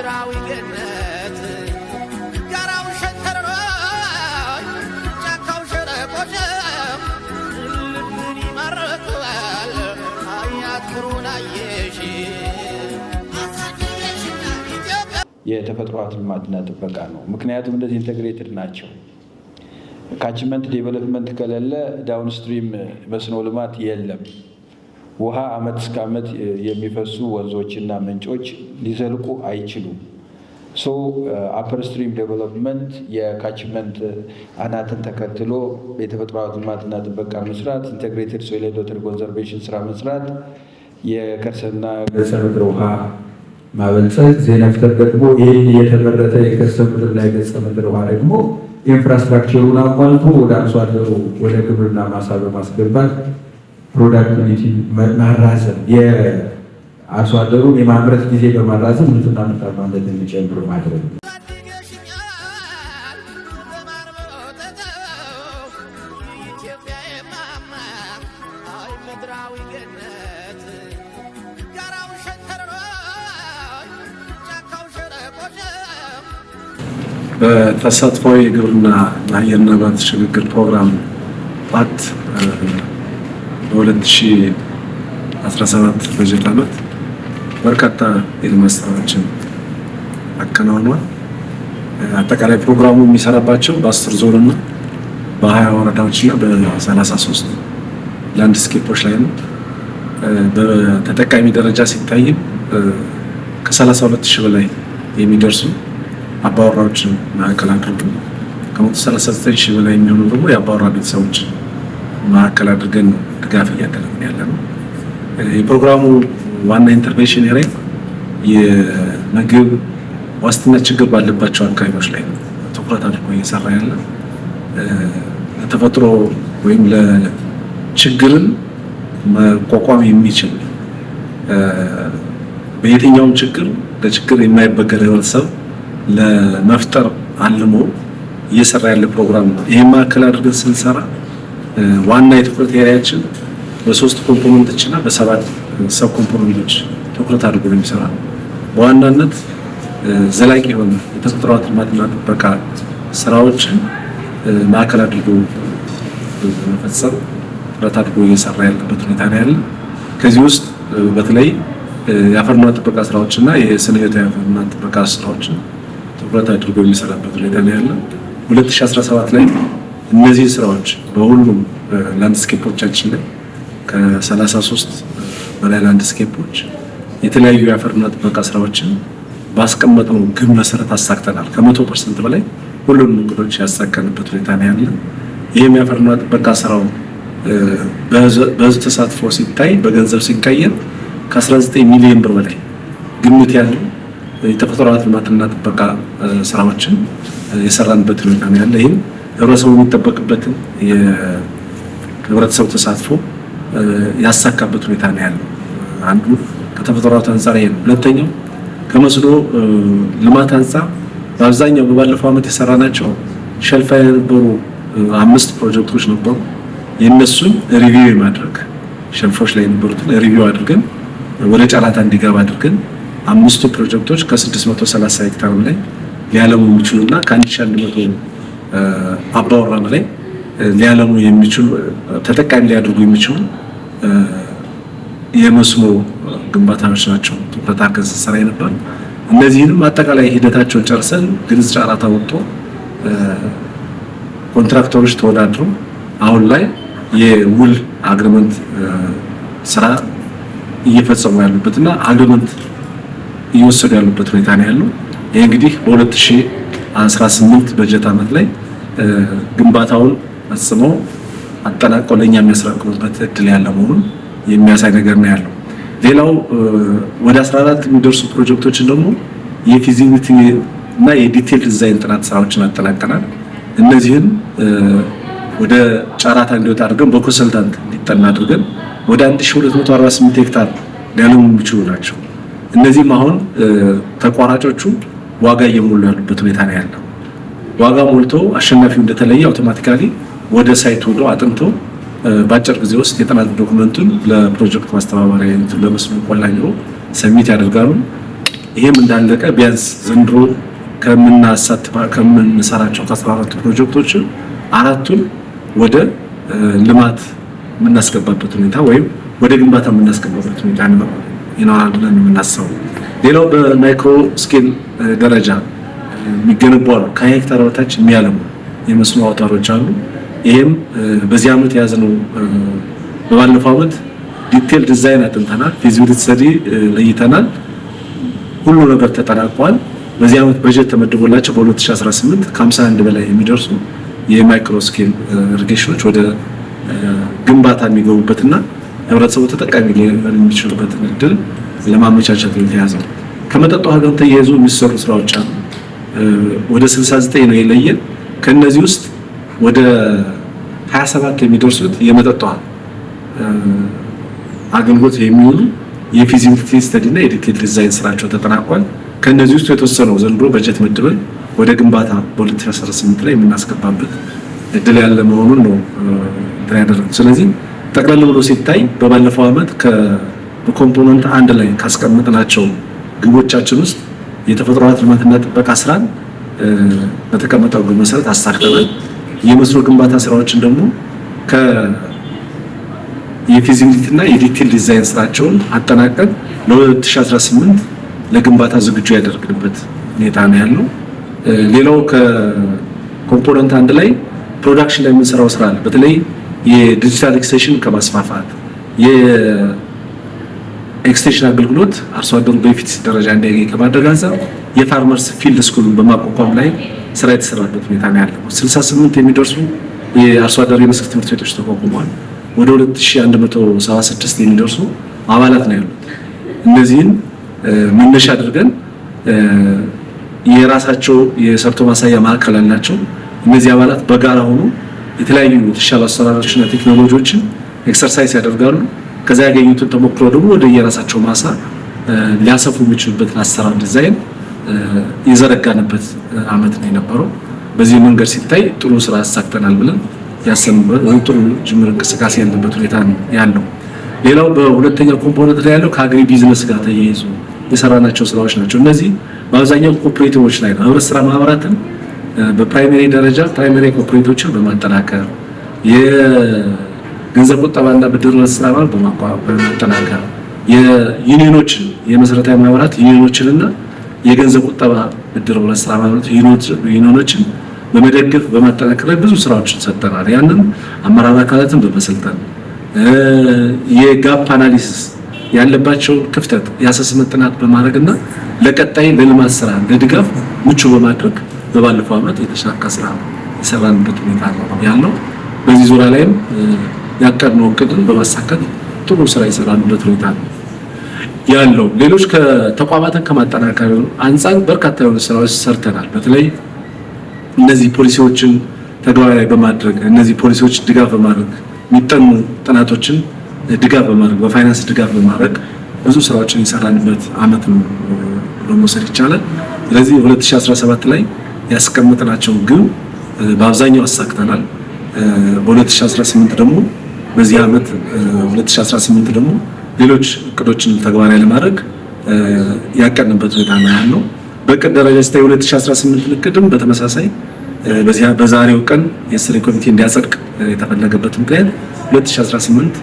ምድራዊ ገነት ጋራው ሸንተረሮ ጫካው ልብን አየሽ የተፈጥሮ ሀብት ልማትና ጥበቃ ነው። ምክንያቱም እንደዚህ ኢንተግሬትድ ናቸው። ካችመንት ዴቨሎፕመንት ከሌለ ዳውንስትሪም መስኖ ልማት የለም። ውሃ ዓመት እስከ ዓመት የሚፈሱ ወንዞችና ምንጮች ሊዘልቁ አይችሉም። ሶ አፐር ስትሪም ዴቨሎፕመንት የካችመንት አናትን ተከትሎ የተፈጥሮ ሀብት ልማትና ጥበቃ መስራት፣ ኢንቴግሬትድ ሶይል ኤንድ ኮንዘርቬሽን ስራ መስራት፣ የከርሰና ገጸ ምድር ውሃ ማበልጸግ ዜና ፍተር ደግሞ ይህ የተመረተ የከርሰ ምድር ላይ ገጸ ምድር ውሃ ደግሞ ኢንፍራስትራክቸሩን አሟልቶ ወደ አርሶ አደሩ ወደ ግብርና ማሳ በማስገባት ፕሮዳክቲቪቲ ማራዘም የአርሶ አደሩን የማምረት ጊዜ በማራዘም ምርትና ምርታማነት እንዲጨምር ማድረግ ነው። በተሳትፎ የግብርና አየር ንብረት ሽግግር ፕሮግራም ፓት በ2017 በጀት ዓመት በርካታ የልማት ስራዎችን አከናውኗል። አጠቃላይ ፕሮግራሙ የሚሰራባቸው በአስር ዞንና በሀያ ወረዳዎች እና በሰላሳ ሶስት ላይ ነው። በተጠቃሚ ደረጃ ሲታይም ከሰላሳ ሁለት ሺህ በላይ የሚደርሱ አባወራዎችን ማዕከል አድርጎ ከመቶ ሰላሳ ዘጠኝ ሺህ በላይ የሚሆኑ ደግሞ የአባወራ ቤተሰቦችን ማዕከል አድርገን ድጋፍ እያደረግን ያለ ነው። የፕሮግራሙ ዋና ኢንተርቬንሽን ሬ የምግብ ዋስትና ችግር ባለባቸው አካባቢዎች ላይ ነው ትኩረት አድርጎ እየሰራ ያለ ለተፈጥሮ ወይም ለችግርን መቋቋም የሚችል በየትኛውም ችግር ለችግር የማይበገር ህብረተሰብ ለመፍጠር አልሞ እየሰራ ያለ ፕሮግራም ነው። ይህ ማዕከል አድርገን ስንሰራ ዋና የትኩረት ኤሪያችን በሶስት ኮምፖነንቶች እና በሰባት ሰብ ኮምፖነንቶች ትኩረት አድርጎ ነው በዋናነት ዘላቂ የሆነ የተፈጥሮ ሀብት ልማትና ጥበቃ ስራዎችን ማዕከል አድርጎ መፈጸም ጥረት አድርጎ እየሰራ ያለበት ሁኔታ ነው ያለ። ከዚህ ውስጥ በተለይ የአፈር ልማት ጥበቃ ስራዎችና የስነ ህይወታዊ አፈር ጥበቃ ስራዎችን ትኩረት አድርጎ የሚሰራበት ሁኔታ ነው ያለ 2017 ላይ እነዚህ ስራዎች በሁሉም ላንድስኬፖቻችን ላይ ከ33 በላይ ላንድስኬፖች የተለያዩ የአፈርና ጥበቃ ስራዎችን ባስቀመጠው ግብ መሰረት አሳክተናል። ከመቶ ፐርሰንት በላይ ሁሉንም እቅዶች ያሳካንበት ሁኔታ ነው ያለ። ይህም የአፈርና ጥበቃ ስራው በህዝብ ተሳትፎ ሲታይ በገንዘብ ሲቀየር ከ19 ሚሊዮን ብር በላይ ግምት ያለው የተፈጥሮ ልማትና ጥበቃ ስራዎችን የሰራንበት ሁኔታ ነው ያለ። ይህም ህብረተሰቡ የሚጠበቅበትን የህብረተሰቡ ተሳትፎ ያሳካበት ሁኔታ ነው ያለው። አንዱ ከተፈጥሮ ሀብት አንጻር ይሄ ነው። ሁለተኛው ከመስኖ ልማት አንጻር በአብዛኛው በባለፈው ዓመት የሰራ ናቸው የነበሩ አምስት ፕሮጀክቶች ነበሩ። የነሱን ሪቪው የማድረግ ሸልፎች ላይ የነበሩትን ሪቪው አድርገን ወደ ጨረታ እንዲገባ አድርገን አምስቱ ፕሮጀክቶች ከ630 ሄክታር ላይ ሊያለሙ የሚችሉና ከ1100 አባወራን ላይ ሊያለሙ የሚችሉ ተጠቃሚ ሊያደርጉ የሚችሉ የመስኖ ግንባታዎች ናቸው ትኩረት አድርገን ስንሰራ የነበረ። እነዚህንም አጠቃላይ ሂደታቸውን ጨርሰን ግልጽ ጨረታ ወጥቶ ኮንትራክተሮች ተወዳድሩ አሁን ላይ የውል አግሪመንት ስራ እየፈጸሙ ያሉበትና አግሪመንት እየወሰዱ ያሉበት ሁኔታ ነው ያለው። ይህ እንግዲህ በ ሺህ 18 በጀት ዓመት ላይ ግንባታውን ፈጽሞ አጠናቆ ለእኛ የሚያስረክቡበት እድል ያለ መሆኑን የሚያሳይ ነገር ነው ያለው። ሌላው ወደ 14 የሚደርሱ ፕሮጀክቶችን ደግሞ የፊዚቢሊቲ እና የዲቴል ዲዛይን ጥናት ስራዎችን አጠናቀናል። እነዚህን ወደ ጨረታ እንዲወጣ አድርገን በኮንሰልታንት እንዲጠና አድርገን ወደ 1248 ሄክታር ሊያለሙ የሚችሉ ናቸው። እነዚህም አሁን ተቋራጮቹ ዋጋ እየሞሉ ያሉበት ሁኔታ ነው ያለው። ዋጋ ሞልቶ አሸናፊው እንደተለየ አውቶማቲካሊ ወደ ሳይት ሆኖ አጥንቶ በአጭር ጊዜ ውስጥ የጥናት ዶክመንቱን ለፕሮጀክት ማስተባበሪያ ለመስኖ ቆላኝ ሰሚት ያደርጋሉ። ይሄም እንዳለቀ ቢያንስ ዘንድሮ ከምንሰራቸው ከአስራ አራቱ ፕሮጀክቶች አራቱን ወደ ልማት የምናስገባበት ሁኔታ ወይም ወደ ግንባታ የምናስገባበት ሁኔታ ይኖራል ብለን የምናስበው ሌላው በማይክሮ ስኬል ደረጃ የሚገነቡ ከሄክታር በታች የሚያለሙ የመስኖ አውታሮች አሉ። ይህም በዚህ ዓመት የያዝነው በባለፈው ዓመት ዲቴል ዲዛይን አጥንተናል፣ ፊዚቢሊቲ ስተዲ ለይተናል። ሁሉ ነገር ተጠናቋል። በዚህ ዓመት በጀት ተመድቦላቸው በ2018 ከ51 በላይ የሚደርሱ የማይክሮ ስኬል ኢሪጌሽኖች ወደ ግንባታ የሚገቡበትና ህብረተሰቡ ተጠቃሚ ሊሆን የሚችሉበትን እድል ለማመቻቸት የተያዘው። ከመጠጥ ውሃ ጋር ተያይዞ የሚሰሩ ስራዎች አሉ። ወደ 69 ነው የለየን። ከነዚህ ውስጥ ወደ 27 የሚደርሱት የመጠጥ ውሃ አገልግሎት የሚውሉ የፊዚቢሊቲ ስተዲ እና የዲቴል ዲዛይን ስራቸው ተጠናቋል። ከነዚህ ውስጥ የተወሰነው ዘንድሮ በጀት መድበን ወደ ግንባታ በ2018 ላይ የምናስገባበት እድል ያለ መሆኑን ነው ያደረግ። ስለዚህ ጠቅላላ ብሎ ሲታይ በባለፈው ዓመት በኮምፖነንት አንድ ላይ ካስቀመጥናቸው ግቦቻችን ውስጥ የተፈጥሮ ሀብት ልማትና ጥበቃ ስራን በተቀመጠው ግብ መሰረት አሳክተናል። የመስኖ ግንባታ ስራዎችን ደግሞ የፊዚቢሊቲና የዲቴል ዲዛይን ስራቸውን አጠናቀቅ ለ2018 ለግንባታ ዝግጁ ያደርግበት ሁኔታ ነው ያለው። ሌላው ከኮምፖነንት አንድ ላይ ፕሮዳክሽን ላይ የምንሰራው ስራ አለ። በተለይ የዲጂታል ኤክስቴንሽን ከማስፋፋት ኤክስቴንሽን አገልግሎት አርሶ አደሩን በፊት ደረጃ እንዲያገኝ ከማድረግ አንጻር የፋርመርስ ፊልድ ስኩሉን በማቋቋም ላይ ስራ የተሰራበት ሁኔታ ነው ያለው። 68 የሚደርሱ የአርሶ አደር የመስክ ትምህርት ቤቶች ተቋቁመዋል። ወደ 2176 የሚደርሱ አባላት ነው ያሉት። እነዚህን መነሻ አድርገን የራሳቸው የሰርቶ ማሳያ ማዕከል አላቸው። እነዚህ አባላት በጋራ ሆኖ የተለያዩ የተሻሉ አሰራሮችና ቴክኖሎጂዎችን ኤክሰርሳይዝ ያደርጋሉ። ከዛ ያገኙትን ተሞክሮ ደግሞ ወደ የራሳቸው ማሳ ሊያሰፉ የሚችሉበትን አሰራር ዲዛይን የዘረጋንበት አመት ነው የነበረው። በዚህ መንገድ ሲታይ ጥሩ ስራ አሳክተናል ብለን ያሰምበት ጥሩ ጅምር እንቅስቃሴ ያለበት ሁኔታ ያለው። ሌላው በሁለተኛው ኮምፖነንት ላይ ያለው ከአግሪ ቢዝነስ ጋር ተያይዞ የሰራናቸው ስራዎች ናቸው። እነዚህ በአብዛኛው ኮፕሬቲቮች ላይ ነው። ህብረት ስራ ማህበራትን በፕራይመሪ ደረጃ ፕራይመሪ ኮፕሬቲቮችን በማጠናከር ገንዘብ ቁጠባና ብድር መስተባበር በማቋቋም ማጠናከር የዩኒዮኖችን የመሰረታዊ ማህበራት ዩኒዮኖችንና የገንዘብ ቁጠባ ብድር መስተባበር ዩኒዮኖችን በመደገፍ በማጠናከር ላይ ብዙ ስራዎችን ሰጥተናል። ያንን አመራር አካላትን በመሰልጠን የጋፕ አናሊሲስ ያለባቸው ክፍተት የአሰስመንት ጥናት በማድረግና ለቀጣይ ለልማት ስራ ለድጋፍ ምቹ በማድረግ በባለፈው ዓመት የተሳካ ስራ የሰራንበት ሁኔታ ያለው በዚህ ዙሪያ ላይም ያቀድነው እቅድን በማሳካት ጥሩ ስራ የሰራንበት ሁኔታ ያለው። ሌሎች ተቋማትን ከማጠናከር አንጻር በርካታ የሆኑ ስራዎች ሰርተናል። በተለይ እነዚህ ፖሊሲዎችን ተግባራዊ በማድረግ እነዚህ ፖሊሲዎች ድጋፍ በማድረግ የሚጠኑ ጥናቶችን ድጋፍ በማድረግ በፋይናንስ ድጋፍ በማድረግ ብዙ ስራዎችን የሰራንበት አመት ነው ብሎ መውሰድ ይቻላል። ስለዚህ 2017 ላይ ያስቀምጥናቸው ግብ በአብዛኛው አሳክተናል። በ2018 ደግሞ በዚህ ዓመት 2018 ደግሞ ሌሎች እቅዶችን ተግባራዊ ለማድረግ ያቀንበት ሁኔታ ነው ያለው። በእቅድ ደረጃ ሲታይ 2018 እቅድም በተመሳሳይ በዛሬው ቀን የስሪ ኮሚቴ እንዲያጸድቅ የተፈለገበት ምክንያት 2018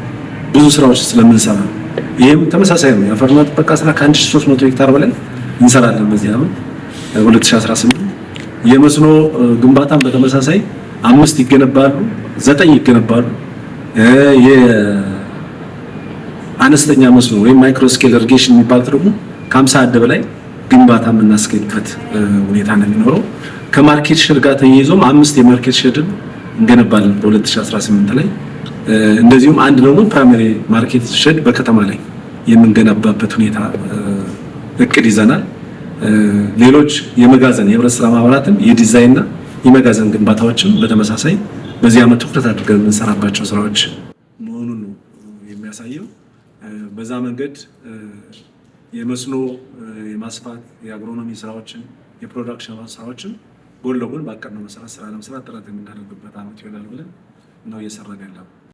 ብዙ ስራዎች ስለምንሰራ ይህም ተመሳሳይ ነው። የአፈርና ጥበቃ ስራ ከ1300 ሄክታር በላይ እንሰራለን። በዚህ ዓመት 2018 የመስኖ ግንባታን በተመሳሳይ አምስት ይገነባሉ፣ ዘጠኝ ይገነባሉ። አነስተኛ መስኖ ወይም ማይክሮ ስኬል ኢሪጌሽን የሚባል ትርጉም ከ አደ በላይ ግንባታ የምናስገኝበት ሁኔታ ነው የሚኖረው። ከማርኬት ሼር ጋር ተያይዞም አምስት የማርኬት ሼርን እንገነባለን በ2018 ላይ እንደዚሁም አንድ ደግሞ ፕራይመሪ ማርኬት ሼድ በከተማ ላይ የምንገነባበት ሁኔታ እቅድ ይዘናል። ሌሎች የመጋዘን የህብረት ስራ ማህበራትን የዲዛይንና የመጋዘን ግንባታዎችም በተመሳሳይ በዚህ ዓመት ትኩረት አድርገን የምንሰራባቸው ስራዎች መሆኑን ነው የሚያሳየው። በዛ መንገድ የመስኖ የማስፋት የአግሮኖሚ ስራዎችን የፕሮዳክሽን ስራዎችን ጎን ለጎን በአቀድነው መሰረት ስራ ለመስራት ጥረት የምናደርግበት ዓመት ይሆናል ብለን ነው እየሰራን ያለው።